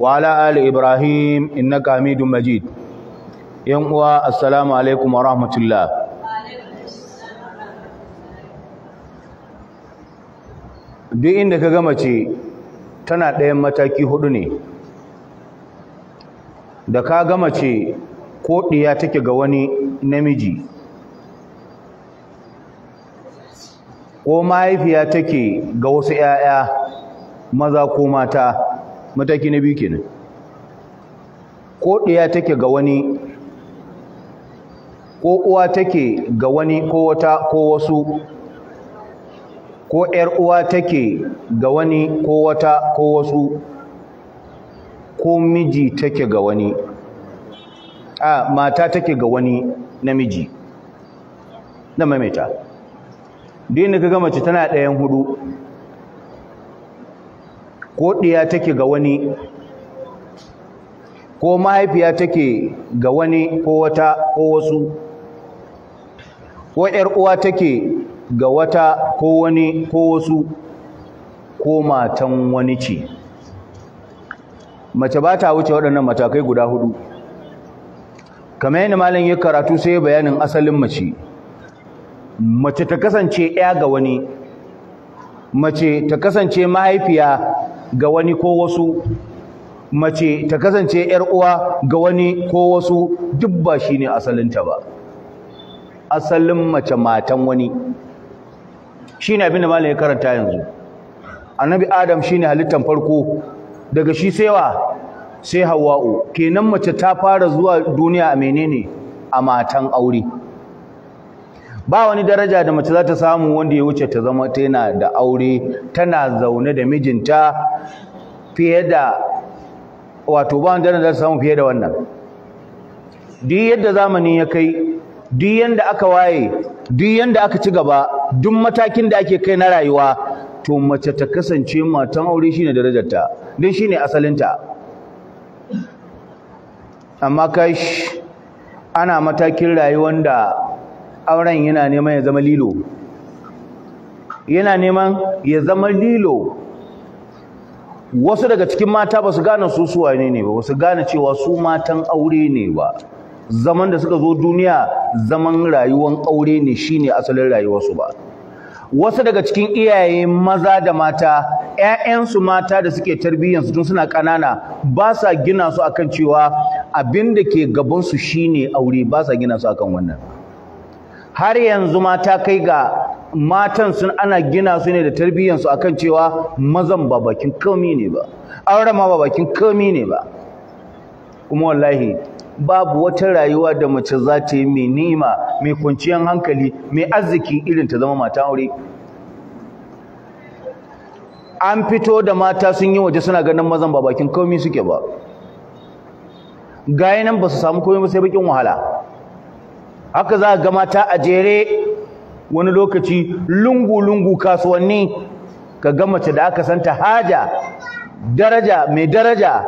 وعلى آل إبراهيم إنك yan مجيد يوم السلام عليكم ورحمة الله duk inda ka gama ce tana ɗayan mataki hudu ne da ka gama ce ko ɗiya take ga wani namiji ko mahaifiya take ga wasu 'ya'ya maza ko mata mataki na biyu kenan ko ɗaya take ga wani ko uwa take ga wani ko wata ko wasu ko ‘yar uwa take ga wani ko wata ko wasu ko miji take ga wani a mata take ga wani namiji na maimaita duk ni ka ga mace tana ɗayan hudu ko ɗiya take ga wani ko mahaifiya take ga wani ko wata ko wasu ko ‘yar uwa take ga wata ko wani ko wasu ko matan wani ce mace ba ta wuce waɗannan matakai guda hudu kamar yadda malam ya karatu sai bayanin asalin mace mace ta kasance ‘ya ga wani mace ta kasance mahaifiya ga wani ko wasu mace ta kasance ‘yar uwa ga wani ko wasu duk ba shi ne asalinta ba asalin mace matan wani shi ne abin da malam ya karanta yanzu annabi adam shi ne halittan farko daga shi saiwa sai hawa'u kenan mace ta fara zuwa duniya a menene a matan aure ba wani daraja da mace za ta samu wanda ya wuce ta zama tana da aure tana zaune da mijinta fiye da wato ba wani daraja za ta samu fiye da wannan duk yadda zamani ya kai duk yadda aka waye duk yadda aka ci gaba duk matakin da ake kai na rayuwa to mace ta kasance matan aure shine darajarta din shine asalinta amma kai ana matakin rayuwar da auren yana neman ya zama lilo yana neman ya zama lilo wasu daga cikin mata ba su gane su suwa ne ne ba wasu gane cewa su matan aure ne ba zaman da suka zo duniya zaman rayuwan aure ne shine asalin rayuwarsu ba wasu daga cikin iyaye maza da mata ‘ya'yansu mata da suke tarbiyyansu tun suna ƙanana ba sa gina su akan cewa abin da ke gabansu shine aure ba sa gina su akan wannan har yanzu ma ta kai ga matan sun ana gina su ne da tarbiyyansu akan cewa mazan ba bakin komi ne ba auren ma ba bakin komi ne ba kuma wallahi babu wata rayuwa da mace za ta yi mai ni'ima mai kwanciyar hankali mai arziki irin ta zama mata aure an fito da mata sun yi waje suna ganin mazan ba bakin komi suke ba Ga nan ba su samu komi ba sai bakin wahala haka za ga mata a jere wani lokaci lungu-lungu kasuwanni ka ga mace da aka santa haja daraja mai daraja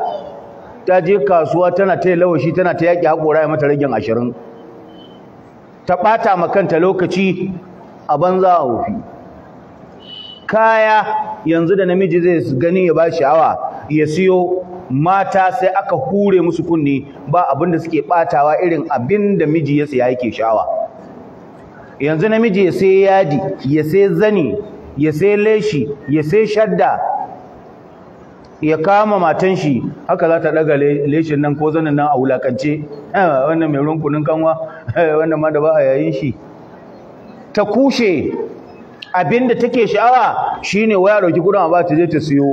ta je kasuwa tana ta lawashi tana ta yaƙi haƙora ya mata ragin ashirin ta ɓata ma kanta lokaci a banza a kaya yanzu da namiji zai gani ya ba shi awa ya siyo mata sai aka hure musu kunni ba abin da suke batawa irin abin da miji ya saya yake shawa yanzu namiji ya sai yadi ya sai zani ya sai leshi ya sai shadda ya kama matan shi haka za ta daga leshin nan ko zanin nan a wulakance wannan mai runkunin kanwa wannan ma da ba a yayin shi ta kushe abinda take sha'awa shine waya dauki kudin a ba ta je ta siyo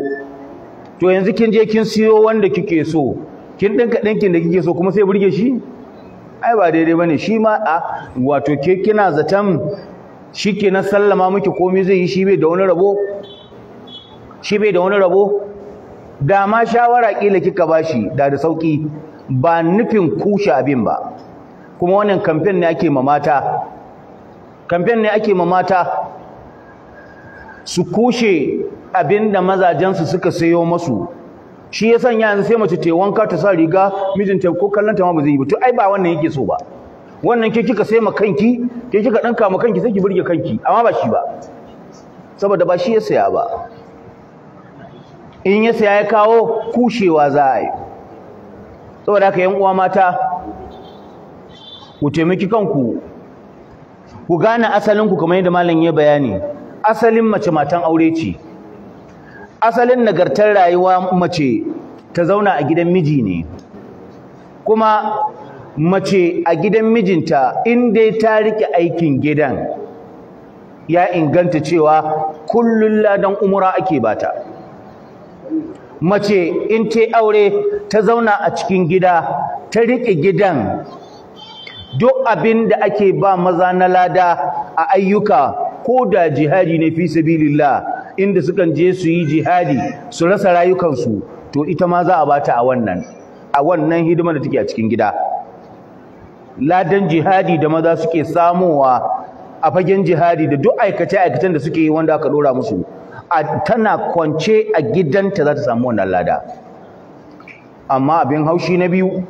to yanzu kin je kin siyo wanda kike so kin dinka dinkin da kike so kuma sai burge shi ai ba daidai bane shi ma a wato ke kina zaton shi ke na sallama miki komai zai yi shi bai da wani rabo shi bai da wani rabo da ma shawara kila kika bashi da da sauki ba nufin kushe abin ba kuma wannan campaign ne ake ma mata kamfen ne ake ma mata su kushe abinda mazajensu suka sayo masu shi ya sanya yanzu sai mace ta wanka ta sa riga mijinta ko kallon ta ma ba zai yi ba to ai ba wannan yake so ba wannan ke kika sai ma kanki ke kika danka ma kanki sai ki burge kanki amma ba shi ba saboda ba shi ya saya ba in ya saya ya kawo kushewa za a yi saboda haka yan uwa mata ku taimaki kanku ku gane asalinku kamar yadda malam ya bayani asalin mace matan aure ce asalin nagartar rayuwa mace ta zauna a gidan miji ne kuma mace a gidan mijinta inda ta rike aikin gidan ya inganta cewa kullum ladan umura ake bata mace in ta aure ta zauna a cikin gida ta rike gidan duk abin da ake ba maza na lada a ayyuka ko da jihadi ne fi sabilillah inda sukan je su yi jihadi su rasa rayukansu to ita ma za a bata a wannan a wannan hidimar da take a cikin gida ladan jihadi da maza suke samowa a fagen jihadi da duk aikace-aikacen da suke yi wanda aka dora musu tana kwance a gidanta za ta samu wannan lada amma abin haushi na biyu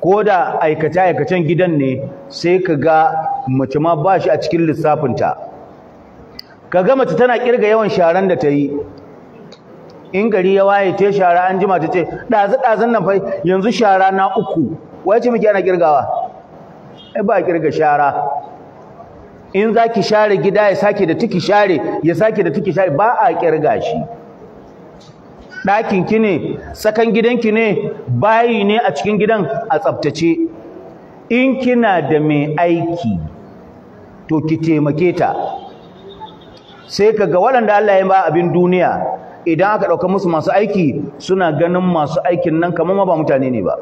ko da aikace-aikacen gidan ne sai ka ga mace ma ba shi a cikin lissafinta Ka gama mace tana kirga yawan sharan da ta yi in gari ya waye ta shara an jima ta ce ɗazu ɗazun nan fa yanzu shara na uku wai ce muke ana kirgawa ai ba kirga shara in za ki share gida ya sake da tuki share ya sake da tuki share ba a kirga shi ɗakin ki ne sakan gidanki ne bayi ne a cikin gidan a tsaftace in kina da mai aiki to ki taimake ta sai ka ga waɗanda Allah ya ba abin duniya idan aka ɗauka musu masu aiki suna ganin masu aikin nan kamar ma ba mutane ne ba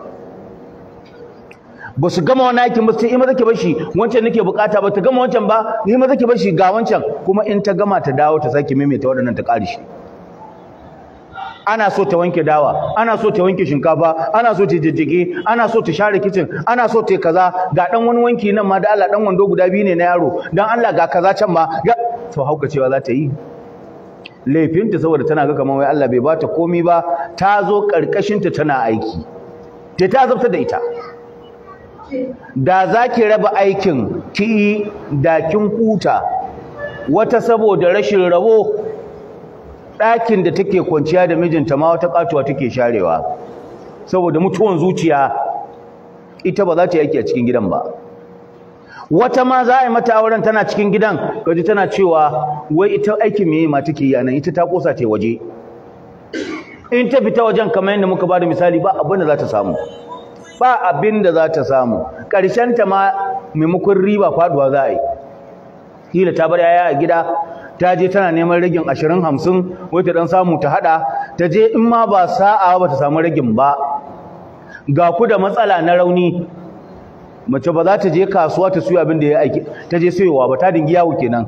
ba su gama wani aikin ba sai ima zake bashi wancan nake bukata ba ta gama wancan ba ima zake bashi ga wancan kuma in ta gama ta dawo ta sake maimaita waɗannan ta ƙari shi ana so ta wanke dawa ana so ta wanke shinkafa ana so ta jijjige ana so ta share kicin, ana so ta kaza ga dan wani wanki nan ma da Allah dan wando guda biyu ne na yaro dan Allah ga kaza can ma to cewa za ta yi laifinta saboda tana ga kamar wai Allah bai bata komi ba ta zo karkashinta tana aiki ta ta zafta da ita da za ki raba aikin ki da kin kuta wata saboda rashin rabo ɗakin da take kwanciya da mijinta ma wata katuwa take sharewa saboda mutuwan zuciya ita ba za ta yi aiki a cikin gidan ba wata ma za a yi mata auren tana cikin gidan kaji tana cewa wai ita aikin me ma take yana ita ta kosa ce waje in ta fita wajen kamar yadda muka bada misali ba abin da za ta samu ba abin da za ta samu ƙarshen ta ma maimakon riba faduwa za a yi kila ta bar yaya a gida ta je tana neman ragin ashirin hamsin wai ta dan samu ta hada ta je in ma ba sa'a ba ta samu ragin ba ga ku da matsala na rauni mace ba za ta je kasuwa ta siyo abin da ya aiki ta je sayowa ba ta dingi yawo kenan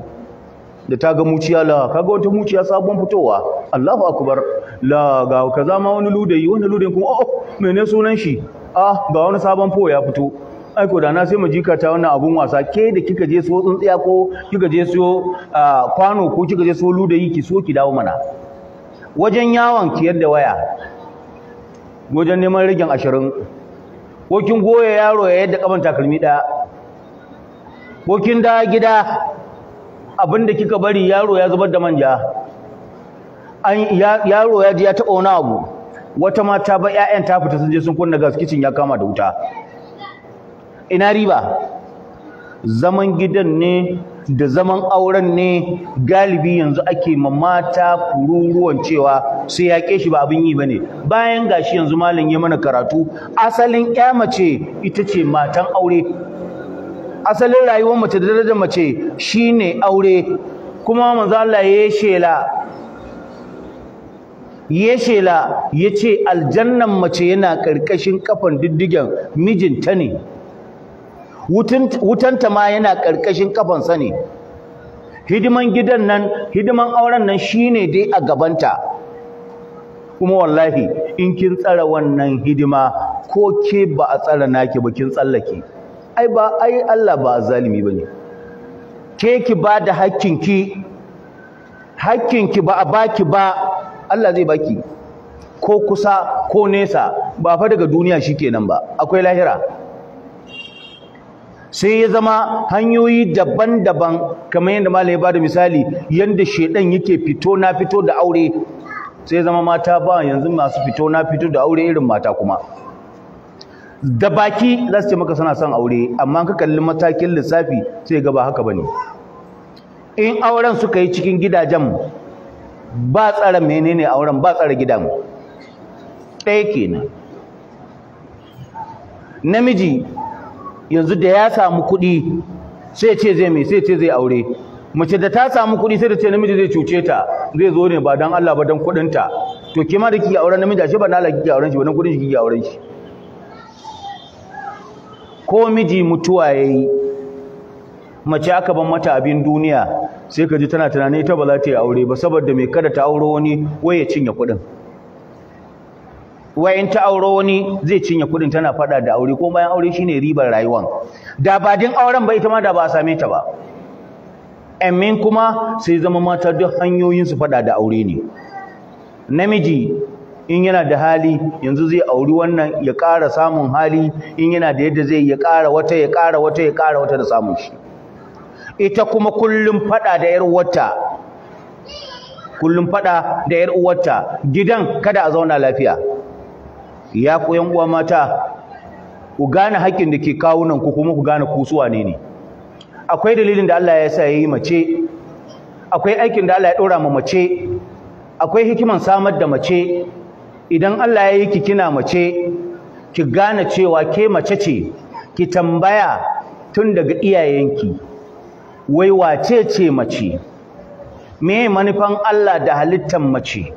da ta ga muciya la kaga wata muciya sabon fitowa Allahu akbar la ga kaza ma wani ludayi wani ludayi kuma oh mene sunan shi ah ga wani sabon fo ya fito ai ko da na sai mu jikata wannan abun wasa ke da kika je so tsuntsiya ko kika je so kwano ko kika je so ludayi ki so ki dawo mana wajen yawon ki yadda waya wajen neman rigin ashirin ko kin goya yaro ya yadda kaman takalmi ɗaya ko kin da gida abinda kika bari yaro ya zubar da manja an yaro ya ji ya taɓa wani abu wata mata ba ƴaƴan ta fita sun je sun kunna gas kitchen ya kama da wuta ina riba zaman gidan ne da zaman auren ne galibi yanzu ake ma mata kururuwan cewa sai ya shi ba abin yi bane bayan gashi yanzu malam ya mana karatu asalin ƴa mace ita ce matan aure asalin rayuwar mace da darajar mace shine aure kuma manzo Allah ya shela ya shela ya ce aljannan mace yana ƙarƙashin kafan diddigen mijinta ne wutanta ma yana ƙarƙashin kafansa ne hidiman gidan nan hidiman auren nan shine dai a gabanta kuma wallahi in kin tsara wannan hidima ko ke ba a tsara naki ba kin tsallake ai ba ai Allah ba zalimi bane ke ki ba da hakkinki hakkinki ba a baki ba Allah zai baki ko kusa ko nesa ba fa daga duniya shikenan ba akwai lahira sai ya zama hanyoyi daban-daban kamar yadda malai ba da misali yadda shaidan yake fito na fito da aure sai ya zama mata ba yanzu masu fito na fito da aure irin mata kuma da baki za su ce maka suna son aure amma ka kalli matakin lissafi sai ga ba haka bane in auren suka yi cikin gidajen ba tsara menene auren ba tsara gidan ɗaya kenan namiji yanzu da ya samu kuɗi sai ce zai mai sai ce zai aure mace da ta samu kuɗi sai da ce namiji zai cuce ta zai zo ne ba don Allah ba dan kuɗin ta to kima da kike auren namiji ashe ba na Allah kike auren shi ba na kuɗin shi kike auren shi ko miji mutuwa yayi mace aka ban mata abin duniya sai ka ji tana tunani ta ba za ta yi aure ba saboda mai kada ta auro wani wai ya cinye kuɗin in ta auro wani zai cinye kuɗin tana faɗa da aure ko bayan aure shine ribar rayuwan da ba din auren ba ita ma da ba a same ta ba amin kuma sai zama mata duk hanyoyin su faɗa da aure ne namiji in yana da hali yanzu zai auri wannan ya ƙara samun hali in yana da yadda zai ya ƙara wata ya ƙara wata ya ƙara wata da samun shi ita kuma kullum faɗa da ‘yar wata kullum faɗa da ‘yar uwarta gidan kada a zauna lafiya ya ku yan uwa mata ku gane haƙƙin da ke nan ku kuma ku gane ku su wane ne akwai dalilin da Allah ya sa yayi mace akwai aikin da Allah ya ɗora ma mace akwai hikiman samar da mace idan Allah ya yi ki kina mace ki gane cewa ke mace ce ki tambaya tun daga iyayenki wai wace ce mace me manufan Allah da halittan mace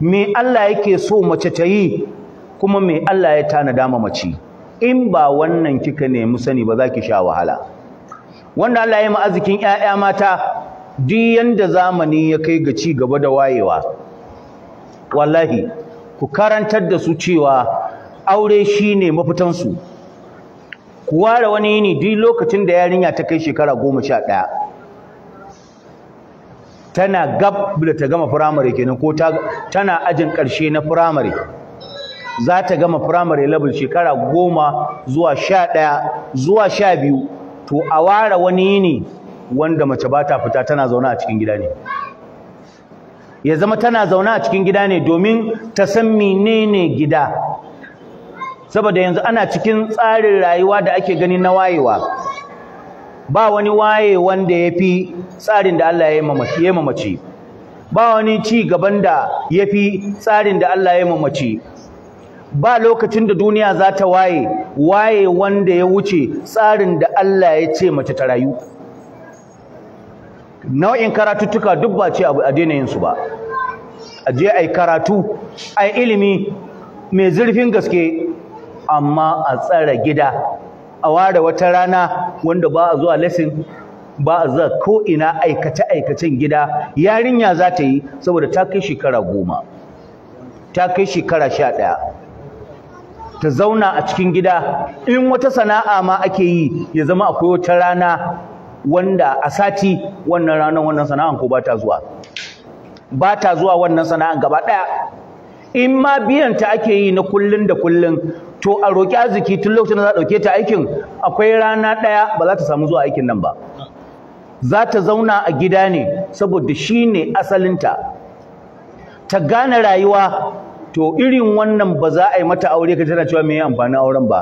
me Allah yake so mace ta yi kuma mai Allah ya tanada ma mace in ba wannan kika nemi sani ba za ki sha wahala wanda Allah ya yi ma'azikin 'ya'ya mata duk yanda zamani ya kai ga ci gaba da wayewa wallahi ku karantar da su cewa aure shine mafitan su ku ware wani yini duk lokacin da yarinya ta kai shekara goma sha ɗaya tana gab da ta gama firamare kenan ko tana ajin ƙarshe na firamare za ta gama primary level shekara goma zuwa sha ɗaya zuwa sha biyu to a ware wani yini wanda mace ba ta fita tana zaune a cikin gida ne ya zama tana zaune a cikin gida ne domin ta san ne gida saboda yanzu ana cikin tsarin rayuwa da ake gani na wayewa ba wani waye wanda ya fi tsarin da Allah ya yi mamaci ba wani ci gaban da ya fi tsarin da Allah ya yi mamaci ba lokacin da duniya za ta waye waye wanda ya wuce tsarin da Allah ya ce mace ta rayu nau'in karatuttuka duk ba ce abu a daina yinsu ba a je ai karatu ai ilimi mai zurfin gaske amma a tsara gida a ware wata rana wanda ba a zuwa lesson ba a za ko ina aikace aikacen gida yarinya za ta yi saboda ta kai shekara goma ta kai shekara sha ɗaya ta zauna a cikin gida in wata sana'a ma ake yi ya zama akwai wata rana wanda a sati wannan ranar wannan sana'an ko ba ta zuwa ba ta zuwa wannan sana'an gaba ɗaya in ma biyan ta ake yi na kullun da kullun to a roƙi arziki tun lokacin da za a ɗauke ta aikin akwai rana ɗaya ba za ta samu zuwa aikin nan ba za ta zauna a gida ne saboda shi ne asalinta ta gane rayuwa to irin wannan ba za a yi mata aure ka tana cewa me yi amfanin auren ba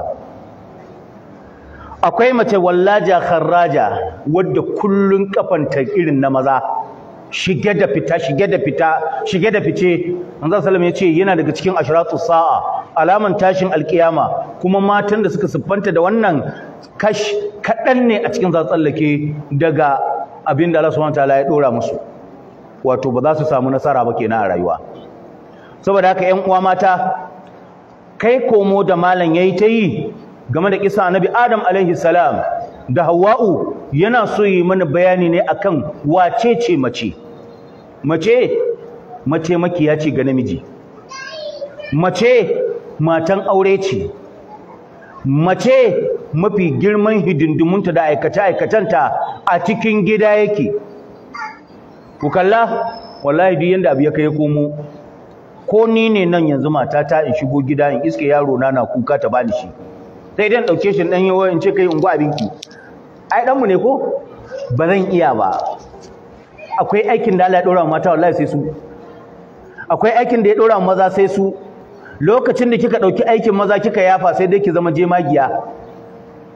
akwai mace wallaja kharraja wadda kullun kafanta irin na maza shige da fita shige da fita shige da fice manzo sallam ya ce yana daga cikin ashratu sa'a alaman tashin alkiyama kuma matan da suka siffanta da wannan kash kadan ne a cikin zatsallake daga abin da Allah subhanahu ta'ala ya dora musu wato ba za su samu nasara ba kenan a rayuwa saboda haka 'yan uwa mata kai komo da malam yayi ta yi game da kisa annabi Adam alaihi salam da hawa'u yana so yi mana bayani ne akan wace ce mace mace mace makiya ce ga namiji mace matan aure ce mace mafi girman hidindimunta da aikace-aikatanta a cikin gida yake ku kalla wallahi duk yanda abu ya kai komo ko ni ne nan yanzu matata in shigo gida in iske yaro na na kuka ta bani shi sai dan dauke shi dan yawo in ce kai ungu abinki ai dan mu ne ko ba zan iya ba akwai aikin da Allah ya dora mata wallahi sai su akwai aikin da ya dora maza sai su lokacin da kika dauki aikin maza kika yafa sai dai ki zama jemagiya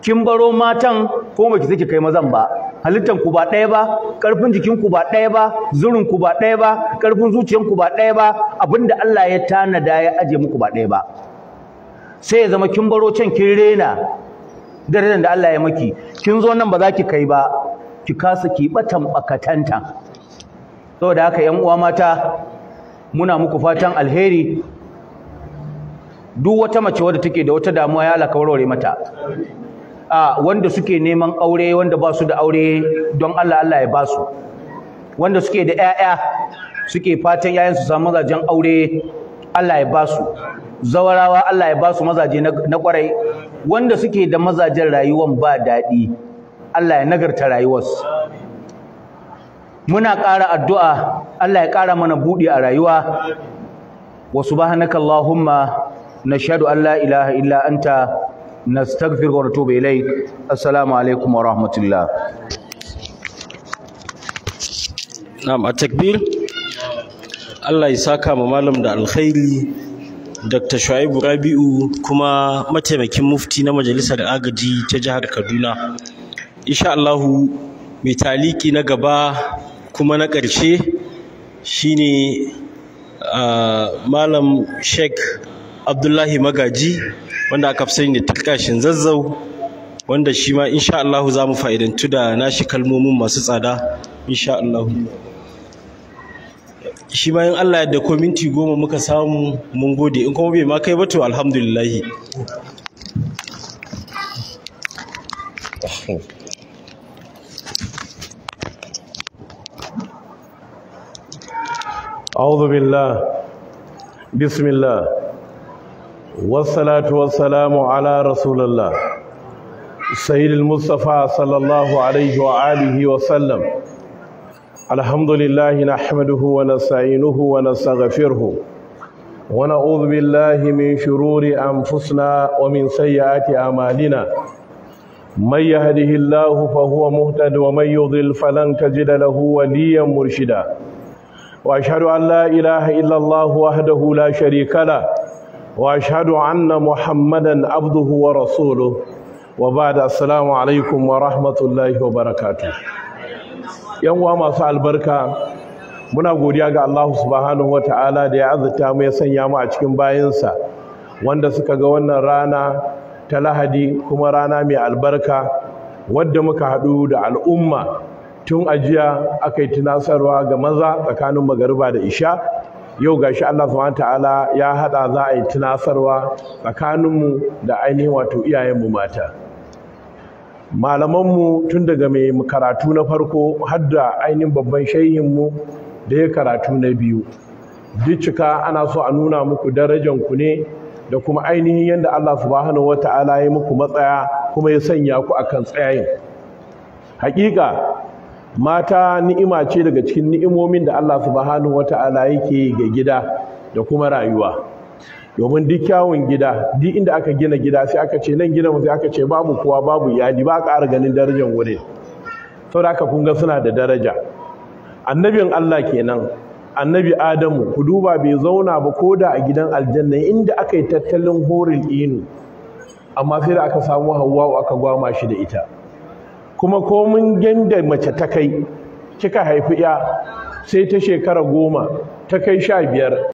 kin baro matan ko baki ki kai mazan ba halittan ku ba ɗaya ba ƙarfin jikin ku ba ɗaya ba zurin ku ba ɗaya ba ƙarfin zuciyan ku ba ɗaya ba abinda Allah ya tanada ya aje muku ba ɗaya ba sai ya zama kin baro can kin rena darajar da Allah ya maki kin zo nan ba za ki kai ba ki kasa ki batan bakatanta saboda haka yan uwa mata muna muku fatan alheri duk wata mace wadda take da wata damuwa ya Allah ka warware mata wanda suke neman aure wanda ba su da aure don Allah Allah ya ba su wanda suke da 'ya'ya suke fatan 'ya'yan su samu mazajen aure Allah ya ba su zawarawa Allah ya ba su mazaje na kwarai wanda suke da mazajen rayuwan ba daɗi Allah ya nagarta rayuwarsu muna ƙara addu'a Allah ya ƙara mana buɗi a rayuwa wa Allahumma nashhadu an la ilaha illa anta نستغفرك ونتوب إليك السلام عليكم ورحمة الله نعم التكبير الله يساك ممالم دا الخيري Dr. Shu'aibu Rabi'u kuma mataimakin mufti na Majalisar Agaji ta Jihar Kaduna. Insha Allahu mai taliki na gaba kuma na ƙarshe shine ne Malam Sheikh Abdullahi Magaji wanda aka fi sani da tilkashin zazzau wanda shi ma insha Allah za mu fa'idantu da nashi kalmomin masu tsada insha Allah shi ma in Allah yadda ko minti goma muka samu mun gode in kuma bai ma kai ba to alhamdulillah أعوذ بالله بسم الله wasalatu wasalamu ala rasulallah sayyidil mustafa sallallahu alaihi wa alihi wa sallam alhamdulillah nahmaduhu wa nasta'inuhu wa nastaghfiruhu wa na'udhu billahi min shururi anfusina wa min sayyiati a'malina may yahdihillahu fahuwa, huwa muhtadi wa may yudlil falan tajid lahu waliyan murshida wa ashhadu an la ilaha illa allah wahdahu la sharika lahu واشهد ان محمدا عبده ورسوله وبعد السلام عليكم ورحمه الله وبركاته yan uwa masu albarka muna godiya ga Allah subhanahu wataala da ya azurta mu ya sanya mu a cikin bayansa wanda suka ga wannan rana ta Lahadi kuma rana mai albarka wadda muka haɗu da al'umma tun ajiya aka yi tunasarwa ga maza tsakanin magariba da isha yau ga shi Allah subhanahu ta'ala ya hada za a yi tunasarwa tsakaninmu da ainihin wato iyayenmu mata malamanmu tun daga mai karatu na farko har da ainihin babban shehinmu da ya karatu na biyu duk cika ana so a nuna muku darajan ku ne da kuma ainihin yadda Allah subhanahu wata'ala ya muku matsaya kuma ya sanya ku akan tsayayin hakika mata ni'ima ce daga cikin ni'imomin da Allah subhanahu wata'ala yake ga gida da kuma rayuwa domin duk kyawun gida duk inda aka gina gida sai aka ce nan gidan sai aka ce babu kowa babu iyali ba arga ganin darajar wurin saboda haka kun ga suna da daraja annabin Allah kenan annabi Adamu ku duba bai zauna ba ko da a gidan aljanna inda aka yi tattalin horin inu amma sai da aka samu Hawwa aka gwama shi da ita kuma ko komin ganda mace ta kai kika haifi ya sai ta shekara goma ta kai sha biyar